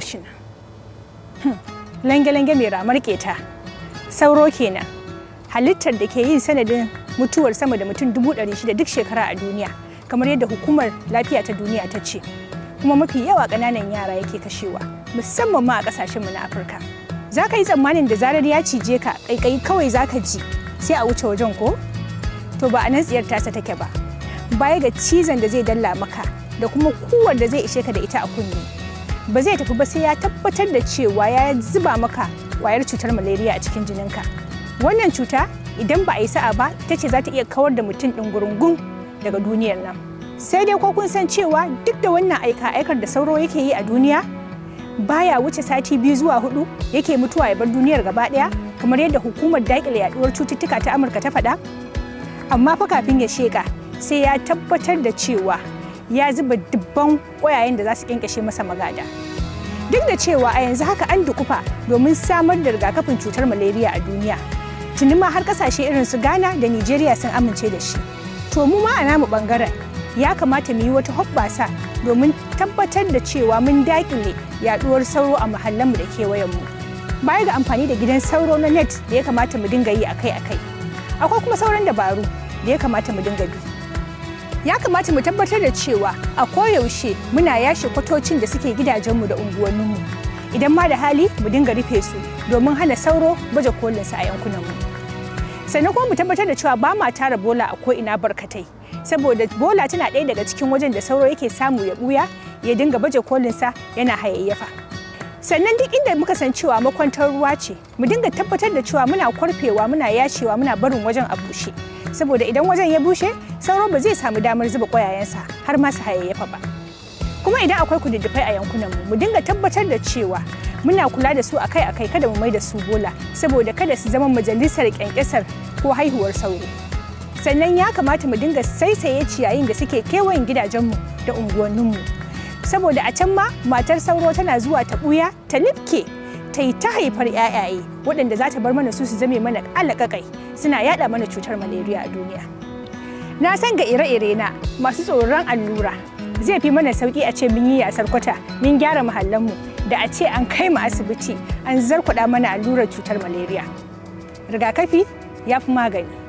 shi nan hmm. lange-lange mai ramar keta sauro kenan halittar da ke yin sanadin mutuwar sama da mutum dubu ɗari shida duk shekara a duniya kamar yadda hukumar lafiya ta duniya ta ce kuma mafi yawa ƙananan yara yake kashewa musamman ma a ƙasashenmu na afirka za ka yi tsammanin da zarar ya cije ka ƙaiƙayi kawai za ka ji sai a wuce wajen ko to ba a nan tsiyar tasa take ba baya ga cizon da zai dalla maka da kuma kuwar da zai ishe ka da ita a kunne ba zai tafi ba sai ya tabbatar da cewa ya zuba maka kwayar cutar malaria a cikin jininka wannan cuta idan ba a yi sa'a ba ita ce za ta iya kawar da mutum ɗin gurungun daga duniyar nan sai dai ko kun san cewa duk da wannan aika aikar da sauro yake yi a duniya baya wuce sati biyu zuwa hudu yake mutuwa ya bar duniyar gaba daya kamar yadda hukumar daƙile yaduwar cututtuka ta amurka ta faɗa amma fa kafin ya sheka, sai ya tabbatar da cewa ya zuba dubban ƙwayayen da za su kyankyashe masa magada. Duk da cewa a yanzu haka an dukufa domin samar da rigakafin cutar malaria a duniya. Tuni ma har kasashe irin su Ghana da Nigeria sun amince da shi. To mu ma a namu ɓangaren. ya kamata mu yi wata hoɓɓasa domin tabbatar da cewa mun dakile yaɗuwar sauro a muhallanmu da kewayenmu. Baya ga amfani da gidan sauro na net da ya kamata mu dinga yi akai-akai. Akwai kuma sauran dabaru da ya kamata mu dinga bi. ya kamata mu tabbatar da cewa a koyaushe muna yashe kwatocin da suke gidajenmu da unguwanninmu idan ma da hali mu dinga rufe su domin hana sauro baje kolinsa a yankunanmu sannan kuma mu tabbatar da cewa ba ma tara bola a ko'ina barkatai saboda bola tana ɗaya daga cikin wajen da sauro yake samu ya ɓuya ya dinga baje kolinsa yana hayayyafa sannan duk inda muka san cewa makwantar ruwa ce mu dinga tabbatar da cewa muna kwarfewa muna yashewa muna barin wajen a bushe saboda idan wajen ya bushe sauro ba zai samu damar zuba ƙwayayensa har ma su hayayyafa ba kuma idan akwai kududdufai a yankunanmu mu dinga tabbatar da cewa muna kula da su akai-akai kada mu mai da su bola saboda kada su zama majalisar kyankyasar ko haihuwar sauro sannan ya kamata mu dinga saisaye ciyayin da suke kewayen gidajenmu da unguwanninmu saboda a can ma matar sauro tana zuwa ta ɓuya ta nifke ta yi ta haifar yayaye waɗanda za ta bar mana su su zame mana alaƙaƙai suna yaɗa mana cutar maleriya a duniya na san ga ire-ire na masu tsoron allura zai fi mana sauƙi a ce mun yi yasar kwata mun gyara muhallanmu da a ce an kai mu asibiti an zarkuɗa mana allurar cutar maleriya rigakafi ya fi magani